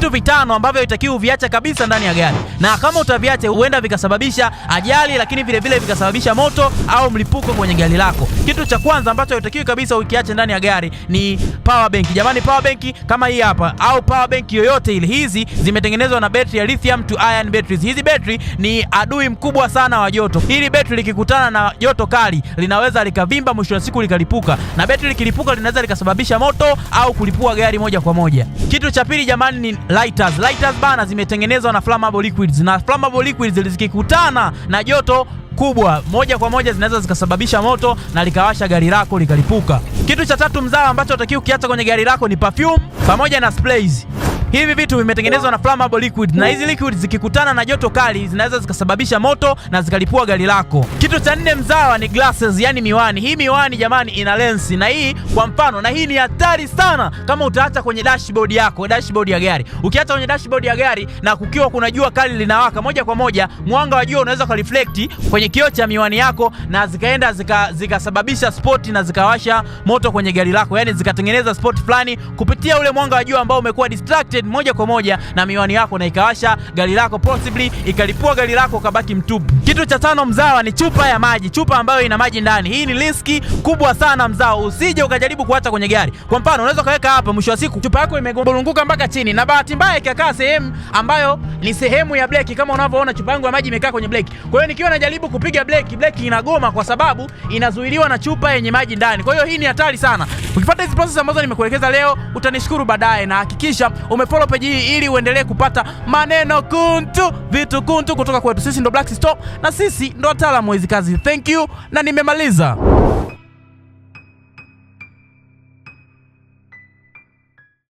vitu vitano ambavyo itakiwa uviacha kabisa ndani ya gari, na kama utaviacha huenda vikasababisha ajali, lakini vile vile vikasababisha moto au mlipuko kwenye gari lako. Kitu cha kwanza ambacho haitakiwi kabisa ukiache ndani ya gari ni power bank. Jamani, power bank kama hii hapa au power bank yoyote ile, hizi zimetengenezwa na battery ya lithium to iron batteries. Hizi battery ni adui mkubwa sana wa joto. Hili battery likikutana na joto kali linaweza likavimba, mwisho wa siku likalipuka, na battery likilipuka linaweza likasababisha moto au kulipua gari moja kwa moja. Kitu cha pili jamani ni lighters. Lighters bana zimetengenezwa na flammable liquids na flammable liquids zikikutana na joto kubwa moja kwa moja zinaweza zikasababisha moto na likawasha gari lako likalipuka. Kitu cha tatu mzao ambacho utakiwa ukiacha kwenye gari lako ni perfume pamoja na sprays. Hivi vitu vimetengenezwa na flammable liquid, na hizi liquid zikikutana na joto kali zinaweza zikasababisha moto na zikalipua gari lako. Kitu cha nne mzawa ni glasses, yani miwani. Hii miwani jamani ina lensi na hii kwa mfano, na hii ni hatari sana kama utaacha kwenye dashboard yako, dashboard ya gari. Ukiacha kwenye dashboard ya gari na kukiwa kuna jua kali linawaka, moja kwa moja mwanga wa jua unaweza kureflect kwenye kioo cha miwani yako na zikaenda zikasababisha zika spot na zikawasha moto kwenye gari lako, yani zikatengeneza spot fulani kupitia ule mwanga wa jua ambao umekuwa distracted connected moja kwa moja na miwani yako na ikawasha gari lako possibly ikalipua gari lako ukabaki mtupu. Kitu cha tano mzawa ni chupa ya maji, chupa ambayo ina maji ndani. Hii ni riski kubwa sana mzawa, usije ukajaribu kuacha kwenye gari. Kwa mfano, unaweza ukaweka hapa, mwisho wa siku chupa yako imegurunguka mpaka chini, na bahati mbaya ikakaa sehemu ambayo ni sehemu ya breki. Kama unavyoona chupa yangu ya maji imekaa kwenye breki, kwa hiyo nikiwa najaribu kupiga breki, breki inagoma kwa sababu inazuiliwa na chupa yenye maji ndani. Kwa hiyo hii ni hatari sana. Ukifuata hizi process ambazo nimekuelekeza leo, utanishukuru baadaye, na hakikisha ume follow page hii ili uendelee kupata maneno kuntu, vitu kuntu kutoka kwetu. Sisi ndo Black Store na sisi ndo wataalamu wa hizi kazi. Thank you na nimemaliza.